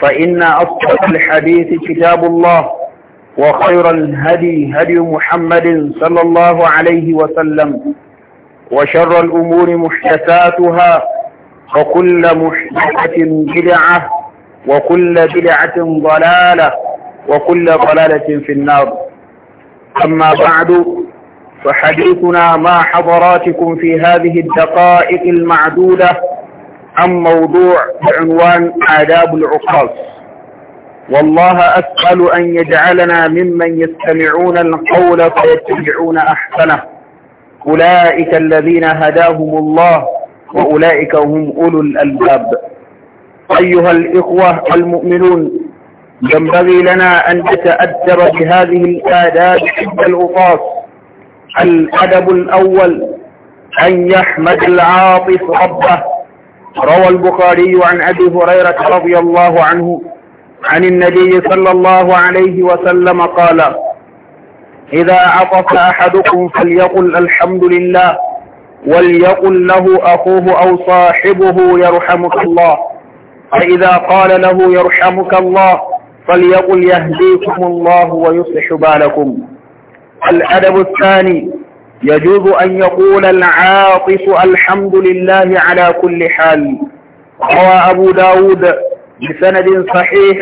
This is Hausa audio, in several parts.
فإن أصدق الحديث كتاب الله وخير الهدي هدي محمد صلى الله عليه وسلم وشر الأمور محدثاتها وكل محدثة بدعة وكل بدعة ضلالة وكل ضلالة في النار أما بعد فحديثنا مع حضراتكم في هذه الدقائق المعدودة عن موضوع بعنوان آداب العقاص والله أسأل أن يجعلنا ممن يستمعون القول فيتبعون أحسنه أولئك الذين هداهم الله وأولئك هم أولو الألباب أيها الإخوة المؤمنون ينبغي لنا أن نتأدب بهذه الآداب عند العقاص الأدب الأول أن يحمد العاطف ربه روى البخاري عن أبي هريرة رضي الله عنه عن النبي صلى الله عليه وسلم قال إذا عطف أحدكم فليقل الحمد لله وليقل له أخوه أو صاحبه يرحمك الله فإذا قال له يرحمك الله فليقل يهديكم الله ويصلح بالكم الأدب الثاني يجوز أن يقول العاطف الحمد لله على كل حال روى أبو داود بسند صحيح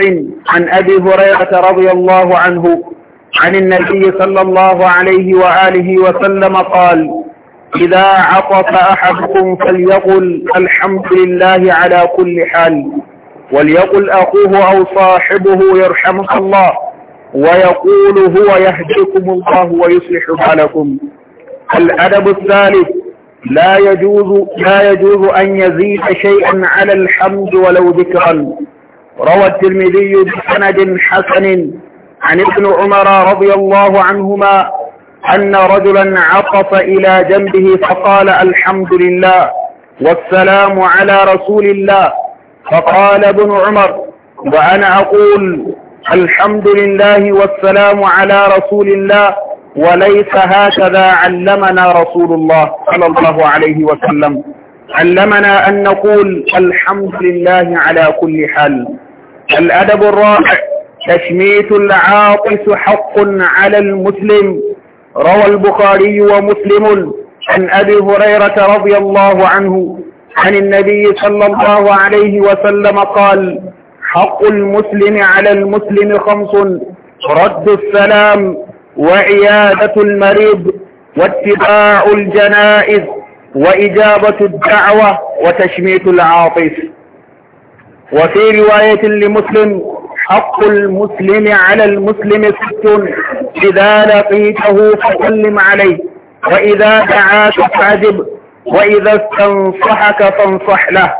عن أبي هريرة رضي الله عنه عن النبي صلى الله عليه وآله وسلم قال إذا عطف أحدكم فليقل الحمد لله على كل حال وليقل أخوه أو صاحبه يرحمك الله ويقول هو يهديكم الله ويصلح حالكم الأدب الثالث لا يجوز لا يجوز أن يزيد شيئا على الحمد ولو ذكرا روى الترمذي بسند حسن عن ابن عمر رضي الله عنهما أن رجلا عطف إلى جنبه فقال الحمد لله والسلام على رسول الله فقال ابن عمر وأنا أقول الحمد لله والسلام على رسول الله وليس هكذا علمنا رسول الله صلى الله عليه وسلم علمنا أن نقول الحمد لله على كل حال الأدب الرائع تشميت العاطس حق على المسلم روى البخاري ومسلم عن أبي هريرة رضي الله عنه عن النبي صلى الله عليه وسلم قال حق المسلم على المسلم خمس رد السلام وعيادة المريض واتباع الجنائز وإجابة الدعوة وتشميت العاطف وفي رواية لمسلم حق المسلم على المسلم ست إذا لقيته فسلم عليه وإذا دعاك فاجب وإذا استنصحك فانصح له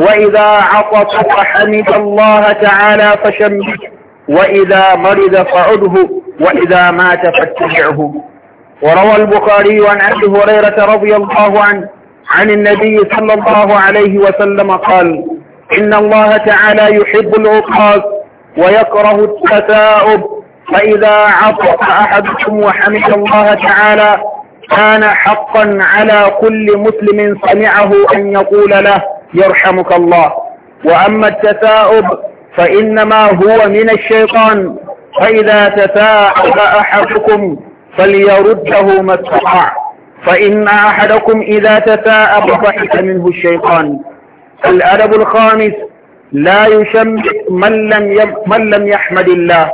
وإذا عطف فحمد الله تعالى فشمت وإذا مرض فعده وإذا مات فاتبعه وروى البخاري عن أبي هريرة رضي الله عنه عن النبي صلى الله عليه وسلم قال إن الله تعالى يحب العقاص ويكره التثاؤب فإذا عطف أحدكم وحمد الله تعالى كان حقا على كل مسلم سمعه أن يقول له يرحمك الله وأما التثاؤب فإنما هو من الشيطان فإذا تثاءب أحدكم فليرده ما استطاع فإن أحدكم إذا تثاءب ضحك منه الشيطان الأدب الخامس لا يشمت من لم من لم يحمد الله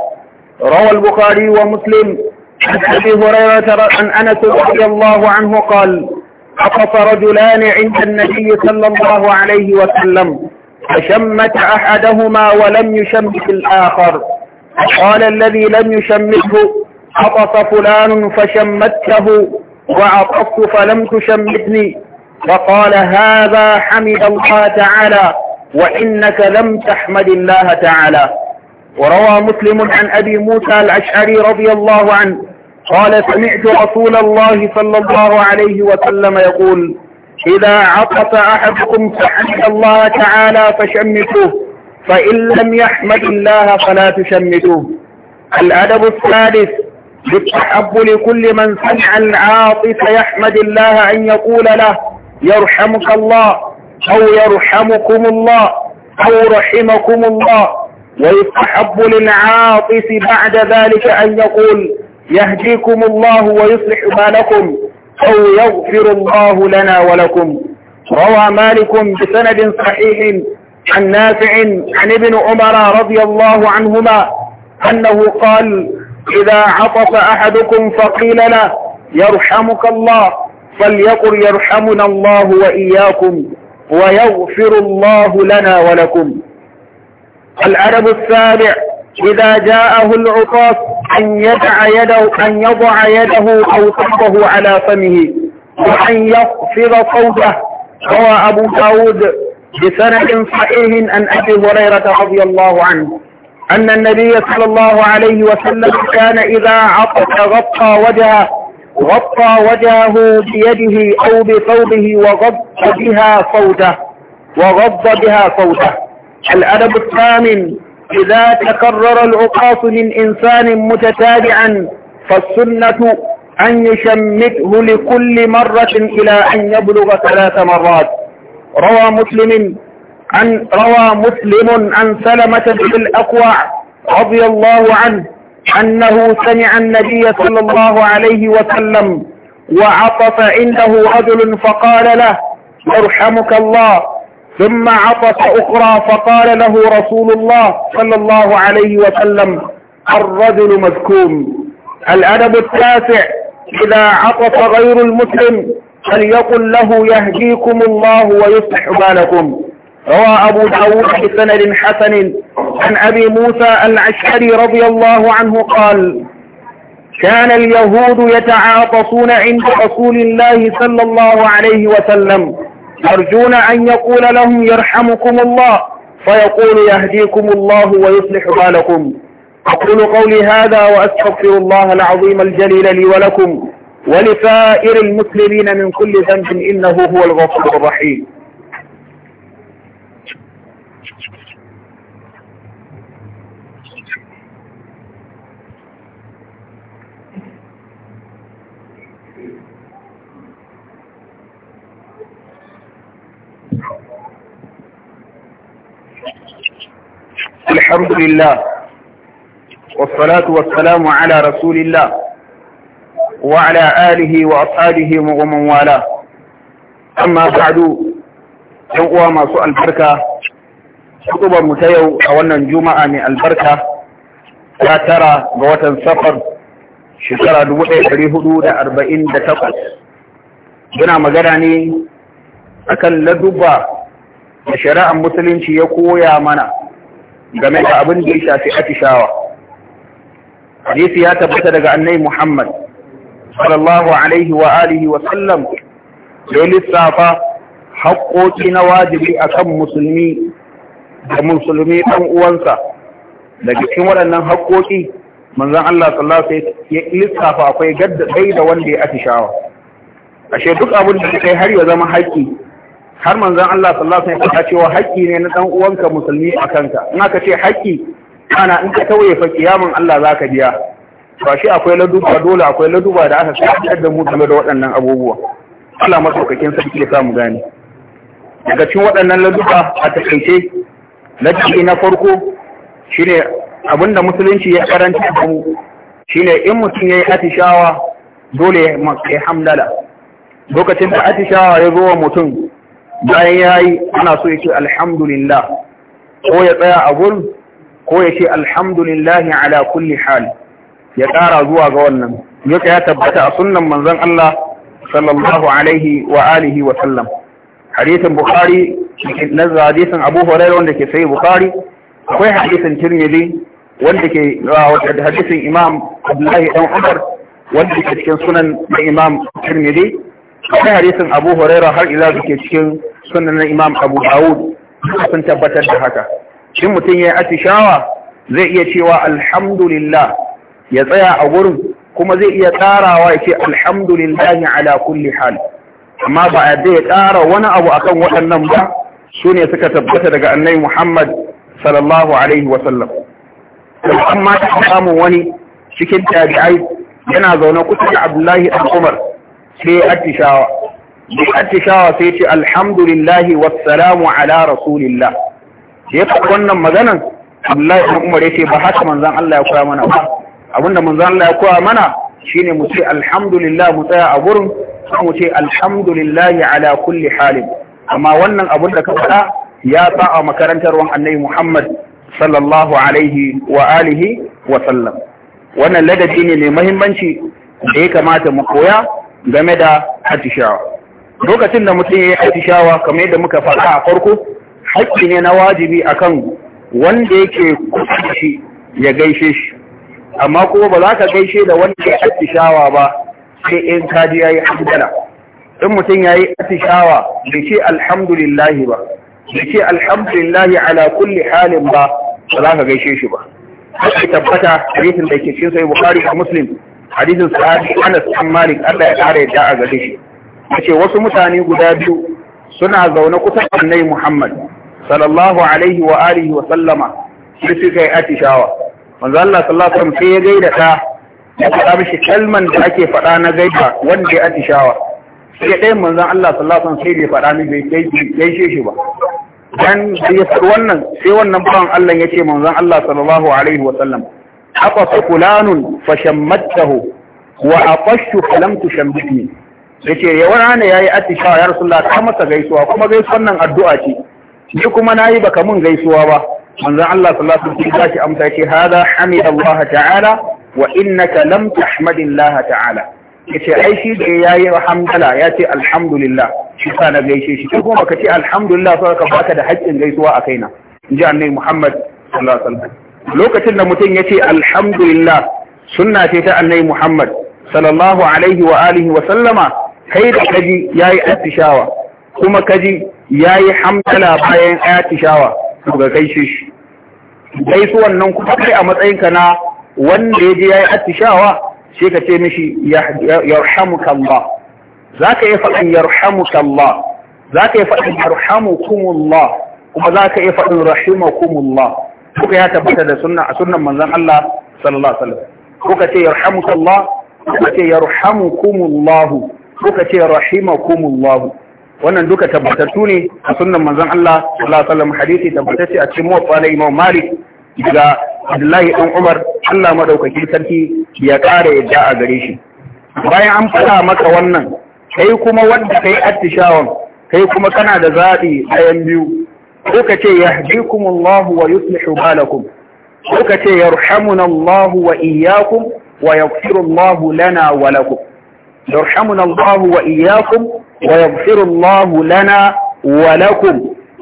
روى البخاري ومسلم عن أبي هريرة عن أنس رضي الله عنه قال عطف رجلان عند النبي صلى الله عليه وسلم فشمت أحدهما ولم يشمت الآخر قال الذي لم يشمته عطس فلان فشمته وعطفت فلم تشمتني فقال هذا حمد الله تعالى وإنك لم تحمد الله تعالى وروى مسلم عن أبي موسى الأشعري رضي الله عنه قال سمعت رسول الله صلى الله عليه وسلم يقول إذا عطس أحدكم فحمد الله تعالى فشمتوه فإن لم يحمد الله فلا تشمتوه الأدب الثالث بالتحب لكل من سمع العاطف يحمد الله أن يقول له يرحمك الله أو يرحمكم الله أو رحمكم الله ويستحب للعاطف بعد ذلك أن يقول يهديكم الله ويصلح بالكم أو يغفر الله لنا ولكم روى مالك بسند صحيح عن نافع عن ابن عمر رضي الله عنهما أنه قال إذا عطف أحدكم فقيل له يرحمك الله فليقل يرحمنا الله وإياكم ويغفر الله لنا ولكم العرب السابع إذا جاءه العطاس أن يدع يده أن يضع يده أو خطه على فمه وأن يخفض صوته روى أبو داود بسند صحيح عن أبي هريرة رضي الله عنه أن النبي صلى الله عليه وسلم كان إذا عطس غطى وجهه غطى وجهه بيده أو بثوبه وغض بها صوته وغض بها صوته الأدب الثامن إذا تكرر العقاص من إنسان متتابعا فالسنة أن يشمته لكل مرة إلى أن يبلغ ثلاث مرات روى مسلم عن روى مسلم عن سلمة بن الأقوع رضي الله عنه أنه سمع النبي صلى الله عليه وسلم وعطف عنده رجل فقال له يرحمك الله ثم عطف أخرى فقال له رسول الله صلى الله عليه وسلم الرجل مذكوم الأدب التاسع إذا عطف غير المسلم فليقل له يهديكم الله ويصلح بالكم روى أبو داود بسند حسن عن أبي موسى العشعري رضي الله عنه قال كان اليهود يتعاطفون عند رسول الله صلى الله عليه وسلم يرجون أن يقول لهم يرحمكم الله فيقول يهديكم الله ويصلح بالكم أقول قولي هذا وأستغفر الله العظيم الجليل لي ولكم ولسائر المسلمين من كل ذنب إنه هو الغفور الرحيم الحمد لله والصلاة والسلام على رسول الله وعلى آله وأصحابه ومن والاه أما بعد yan uwa masu albarka hutubar mu ta yau a wannan juma'a mai albarka ta tara ga watan safar shekara 1448 yana magana ne kan laduba da shari'ar musulunci ya koya mana game da abin da ya shafi atishawa hadisi ya tabbata daga annai muhammad sallallahu alaihi wa alihi wa sallam ya lissafa haƙoƙi na wajibi akan musulmi da musulmi ɗan uwansa daga cikin waɗannan haƙoƙi manzan Allah sallallahu alaihi ya lissafa akwai gadda dai da wanda ya atishawa ashe duk abin da kai har ya zama haƙƙi har manzan Allah sallallahu alaihi wasallam ya cewa haƙƙi ne na ɗan uwanka musulmi a kanka in aka ce haƙƙi ana in ka tauye fa kiyamin Allah zaka biya ba akwai laduba dole akwai laduba da aka sayar da mu game da waɗannan abubuwa Allah masaukakin sarki ya samu gane daga cikin waɗannan laduba a takaice ladabi na farko shine abinda musulunci ya karanta da mu shine in mutum yayi atishawa dole ya hamdala lokacin da atishawa ya zo wa mutum bayan yayi ana so ya ce alhamdulillah ko ya tsaya a gurin ko ya ce alhamdulillahi ala kulli hali. ya ƙara zuwa ga wannan duka ya tabbata a sunnan manzon Allah sallallahu alaihi wa alihi wa sallam hadisin bukhari na hadisin abu hurairah wanda ke sai bukhari akwai hadisin tirmidhi wanda ke hadisin imam abdullahi dan umar wanda ke cikin sunan na imam tirmidhi akwai hadisin abu hurairah har ila ke cikin sunan na imam abu dawud sun tabbatar da haka shin mutum ya yi atishawa zai iya cewa alhamdulillah ya tsaya a gurin kuma zai iya tsarawa ya ce alhamdulillahi ala kulli hal amma ba a ya tsara wani abu akan waɗannan ba su ne suka tabbata daga annabi Muhammad sallallahu alaihi wa sallam amma ta samun wani cikin tabi'ai yana zaune kusa da Abdullahi dan Umar sai attishawa sai attishawa sai ce alhamdulillahi wassalamu ala rasulillah sai wannan maganan Abdullahi dan Umar ce ba haka manzon Allah ya koya mana ba abinda da Allah ya koya mana shine mu ce alhamdulillah mu tsaya a gurin mu ce alhamdulillah ala kulli halin amma wannan abin da ka faɗa ya sa makarantar makarantarwan annabi Muhammad sallallahu alaihi wa alihi wa sallam wannan ladabi ne mai muhimmanci da ya kamata mu koya game da atishawa lokacin da mutum ya yi atishawa kamar yadda muka faɗa a farko haƙƙi ne na wajibi akan wanda yake kusa da shi ya gaishe shi amma kuma ba za ka gaishe da wanda ya attishawa ba sai in kaji yayi hamdala in mutum yayi attishawa bai ce alhamdulillah ba bai ce alhamdulillah ala kulli halin ba ba za ka gaishe shi ba sai tabbata hadisin da ke cikin sahih bukhari da muslim hadisin sahabi Anas bin Malik Allah ya kare yadda a gare shi yace wasu mutane guda biyu suna zaune kusa da Annabi Muhammad sallallahu alaihi wa alihi wa sallama sai suka yi atishawa manzo Allah sallallahu alaihi wasallam sai ya gaida ta ya faɗa mishi kalman da ake faɗa na gaida wanda ya atishawa sai dai manzo Allah sallallahu alaihi wasallam sai ya faɗa mishi bai gaishe shi ba dan ya faɗi wannan sai wannan bawan Allah ya ce manzon Allah sallallahu alaihi wasallam aqasa fulanun fashammatahu wa aqashu falam tushammithni yace ya wani ne yayi atishawa ya rasulullah ka masa gaisuwa kuma gaisuwan nan addu'a ce ni kuma nayi baka mun gaisuwa ba manzo Allah sallallahu alaihi wasallam ya amsa ce hada Allah ta'ala wa innaka lam Allah ta'ala yace ai shi da yayi hamdala yace alhamdulillah shi sa na gaishe shi ko baka ce alhamdulillah sai ka baka da haƙƙin gaisuwa a kaina inji annabi Muhammad sallallahu alaihi wasallam lokacin da mutum yace alhamdulillah sunna ce ta annabi Muhammad sallallahu alaihi wa alihi wa sallama kai da kaji yayi attishawa kuma kaji yayi hamdala bayan atishawa to ga gaishe shi su wannan kuma kai a matsayinka na wanda ya je ya yi attishawa sai ka ce mishi yarhamuka Allah za ka yi faɗin yarhamuka Allah za ka yi faɗin yarhamukumullah kuma za ka yi faɗin rahima rahimakumullah kuka ya tabbata da sunna a sunnan manzon Allah sallallahu alaihi wasallam kuka ce yarhamuka Allah kuka ce yarhamukumullah kuka ce rahima rahimakumullah wannan duka tabbatattu ne a sunnan manzon Allah sallallahu alaihi wasallam hadisi tabbatacce a cikin muwatta Imam Malik daga Abdullahi dan Umar Allah madaukakin sarki ya ƙara da a gare shi bayan an faɗa maka wannan kai kuma wanda kai attishawan kai kuma kana da zaɓi ɗayan biyu ko ka ce yahdikumullahu wa yuslihu balakum ko ka ce yarhamunallahu wa iyyakum wa yaghfirullahu lana wa lakum yarhamunallahu wa iyyakum wa yaghfirullahu lana wa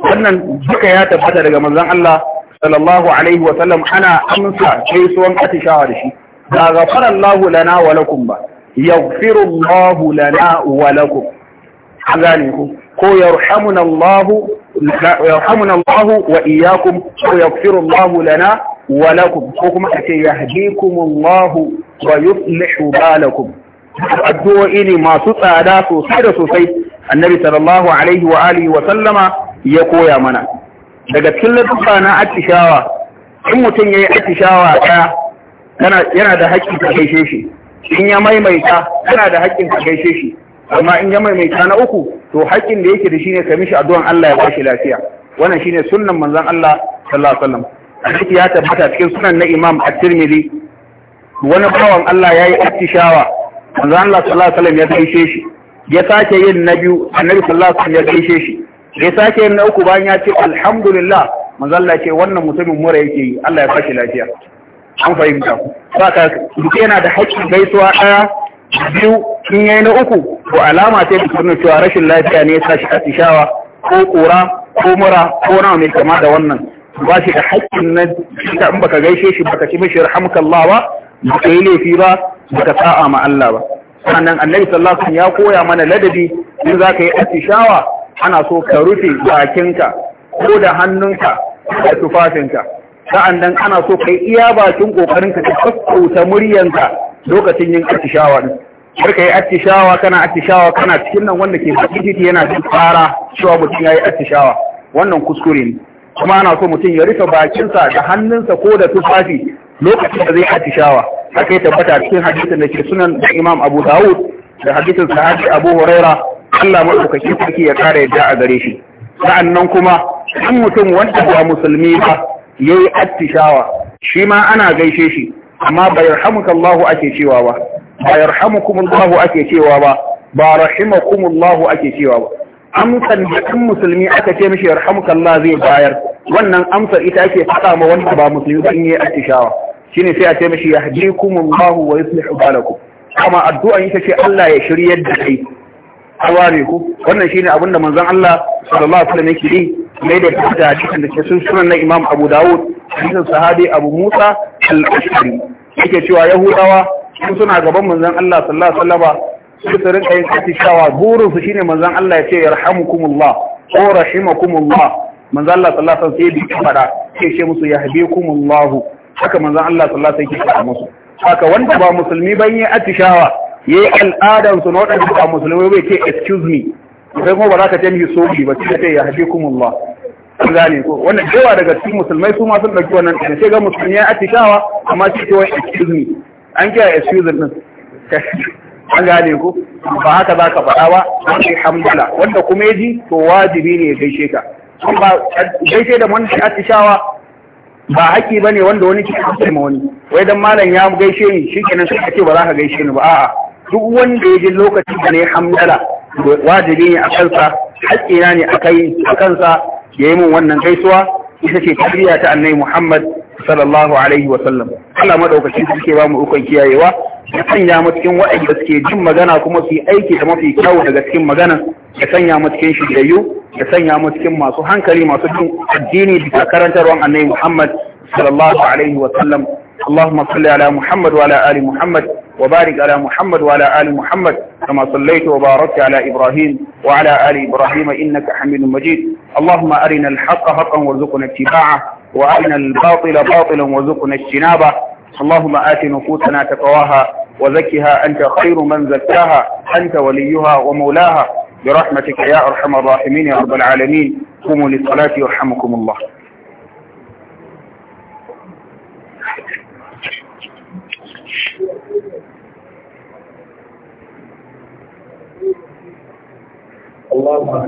wannan duka ya tabbata daga manzon Allah sallallahu alaihi wa sallam ana amsa gaisuwan atishawa da shi ba ghafara Allah lana wa lakum ba Allah lana wa lakum an gane ku ko yarhamuna Allah yarhamuna Allah wa iyyakum ko Allah lana wa lakum ko kuma kace yahdikum Allah wa yuslihu balakum addu'o'i ne masu tsada sosai da sosai annabi sallallahu alaihi wa alihi wa sallama ya koya mana daga cikin latufa na atishawa in mutum ya yayi atishawa ɗaya yana da haƙƙin ka gaishe shi in ya maimaita yana da haƙƙin ka gaishe shi amma in ya maimaita na uku to haƙƙin da yake da shi ne ka mishi addu'an Allah ya bashi lafiya wannan shine sunnan manzon Allah sallallahu alaihi wasallam ya tabbata cikin sunan na Imam At-Tirmidhi wani bawan Allah yayi attishawa manzo Allah sallallahu alaihi wasallam ya gaishe shi ya sake yin na biyu annabi sallallahu alaihi wasallam ya gaishe shi ya sake yin na uku bayan ya ce alhamdulillah manzo Allah ce wannan mutumin mura yake yi Allah ya fashi lafiya an fahimta saka duk yana da haƙƙin gaisuwa ɗaya biyu in yayi na uku to alama ce da kuma cewa rashin lafiya ne ya sa shi atishawa ko ƙura ko mura ko nawa mai kama da wannan ba shi da haƙƙin na in baka gaishe shi baka ci mishi rahamkallah ba ka yi laifi ba baka sa'a ma Allah ba sannan annabi sallallahu alaihi ya koya mana ladabi in zaka yi atishawa ana so ka rufe bakinka ko da hannunka da tufafinka sa'annan ana so kai iya bakin kokarinka ka kakkauta muryanka lokacin yin atishawa din har kai atishawa kana atishawa kana cikin nan wanda ke sakiti yana cikin fara cewa mutum yayi atishawa wannan kuskure ne kuma ana so mutum ya rufe bakinsa da hannunsa ko da tufafi lokacin da zai atishawa haka ya tabbata cikin hadisin da ke sunan da imam abu dawud da hadisin sahabi abu huraira allah maɗaukaki sarki ya kara yadda a gare shi sa'annan kuma in mutum wanda ba musulmi ba ya yi attishawa shi ma ana gaishe shi amma ba yarhamuka allahu ake cewa ba ba yarhamukum allahu ake cewa ba ba rahimakum ake cewa ba amsan da kan musulmi aka ce mishi yarhamukallah zai bayar wannan amsar ita ake faɗa ma wanda ba musulmi ba in yi attishawa shine sai a ce mishi yahdikumullahu wa yuslihu balakum kama addu'a ita ce Allah ya shiryar da kai aware ku wannan shine abin da manzon Allah sallallahu alaihi wasallam yake yi mai da da cikin da ke sunan na Imam Abu Dawud hadisin sahabi Abu Musa al-Ashari yake cewa Yahudawa sun suna gaban manzon Allah sallallahu alaihi wasallam sai su rinka yin atishawa burin su shine manzon Allah ya ce yarhamukumullah ko rahimakumullah manzon Allah sallallahu alaihi wasallam sai ya fada sai ce musu yahdikumullah haka manzon Allah sallallahu alaihi wasallam sai ya musu haka wanda ba musulmi ban yi atishawa yayi al'adan su na wadanda ba musulmi bai ce excuse me sai kuma ba za ka ce ni sobi ba sai ce yahdikumullah an gane ko wannan cewa daga cikin musulmai su ma sun dauki wannan da sai ga musulmi ya atishawa amma sai ce wai excuse me an kiyaye excuse din an gane ku ba haka za ka faɗa ba wani hamdala wanda kuma yaji ji to wajibi ne ya gaishe ka kuma ba gaishe da wani atishawa ba haƙi bane wanda wani ke haƙi ma wani wai dan malam ya gaishe ni shi kenan sai ce ba za ka gaishe ni ba a'a duk wanda ya ji lokacin da ne hamdala wajibi ne a kansa haƙƙina ne a a kansa ya yi min wannan gaisuwa ita ce tarbiyya ta annabi Muhammad sallallahu alaihi wa sallam Allah madaukakin sarki ba mu ukan kiyayewa ya sanya mu cikin waɗanda suke jin magana kuma su aiki da mafi kyau daga cikin magana ya sanya mu cikin shiryayyu ya sanya mu cikin masu hankali masu jin addini da karantarwan annabi Muhammad sallallahu alaihi wa sallam اللهم صل على محمد وعلى آل محمد وبارك على محمد وعلى آل محمد كما صليت وباركت على إبراهيم وعلى آل إبراهيم إنك حميد مجيد اللهم أرنا الحق حقا وارزقنا اتباعه وأرنا الباطل باطلا وارزقنا اجتنابه اللهم آت نفوسنا تقواها وزكها أنت خير من زكاها أنت وليها ومولاها برحمتك يا أرحم الراحمين يا رب العالمين قوموا للصلاة يرحمكم الله الله